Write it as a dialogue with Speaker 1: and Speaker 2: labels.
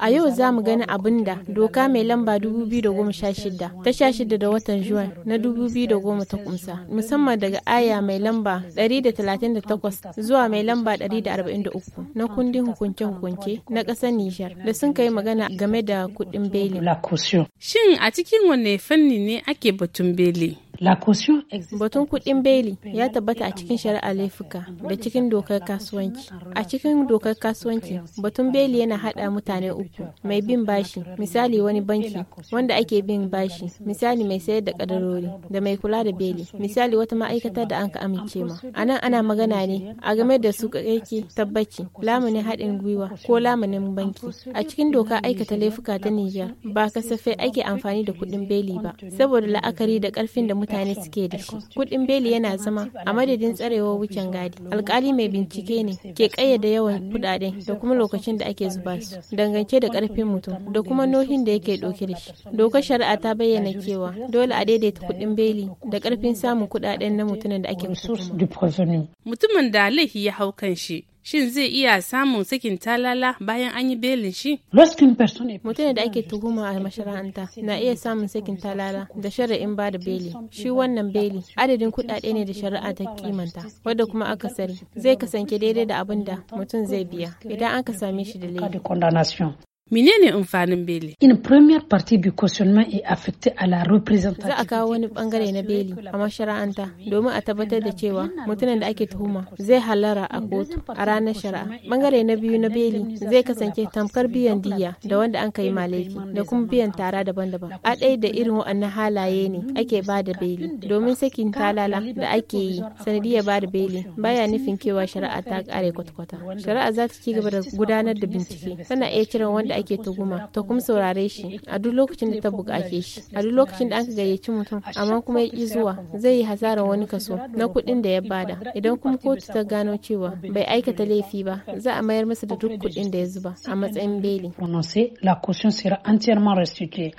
Speaker 1: A yau za mu gani abin da doka mai lamba 2016 ta 16 da watan Juwan na 2010 ta kumsa, musamman daga aya mai lamba 138 zuwa mai lamba 143 na kundin hukunce-hukunce na ƙasar Nijar da sun kai magana game da kuɗin beli. Shin a cikin wanne fanni ne ake batun beli? Batun kuɗin beli ya tabbata a cikin shari'a laifuka da cikin dokar kasuwanci. A cikin dokar kasuwanci, batun beli yana haɗa mutane uku, mai bin bashi, misali wani banki, wanda ake bin bashi, misali mai sayar da kadarori, da mai kula da beli, misali wata ma'aikata da an ka amince ma. A nan ana magana ne a game da su ƙaƙƙi tabbaci, lamunin haɗin gwiwa ko lamunin banki. A cikin doka aikata laifuka ta Nijar, ba kasafai ake amfani da kuɗin beli ba, saboda la'akari da ƙarfin da mutane suke da shi kuɗin beli yana zama a madadin tsarewa wucin gadi alkali mai bincike ne ke kayyade yawan kudaden da kuma lokacin da ake zuba su dangance da karfin mutum da kuma nohin da yake dauke da shi dokar shari'a ta bayyana cewa dole a daidaita kudin beli da karfin samun kudaden na mutumin da ake mutumin da laifi ya hau kan shi shin zai iya samun sakin talala bayan an yi belin shi? Mutum da ake tuhuma a mashara'anta na iya samun sakin talala da shari'in ba da beli. Shi wannan beli adadin kuɗaɗe ne da shari'a ta kimanta wadda kuma aka sari zai kasance daidai da abin da mutum zai biya idan an ka same shi da laifi. Menene amfanin beli? In premier party bi cautionnement est affecté à la representative. Za a kawo wani bangare na beli a mashara'anta domin a tabbatar da cewa mutumin da ake tuhuma zai halara a kotu a ranar shari'a. Bangare na biyu na beli zai kasance tamkar biyan diya da wanda an kai malaki da kuma biyan tara daban-daban. A ɗaya da irin waɗannan halaye ne ake ba da beli domin sakin talala da ake yi sanadiyar ba da beli baya nufin cewa shari'a ta kare kwata Shari'a za ta ci gaba da gudanar da bincike tana iya cire wanda ake tuhuma ta kuma saurare shi a duk lokacin da ta buƙace shi a duk lokacin da aka gayyaci mutum amma kuma ya ƙi zuwa zai yi hasara wani kaso na kuɗin da ya bada idan kuma kotu ta gano cewa bai aikata laifi ba za a mayar masa da duk kuɗin da ya zuba a matsayin beli. La caution sera entièrement restituée.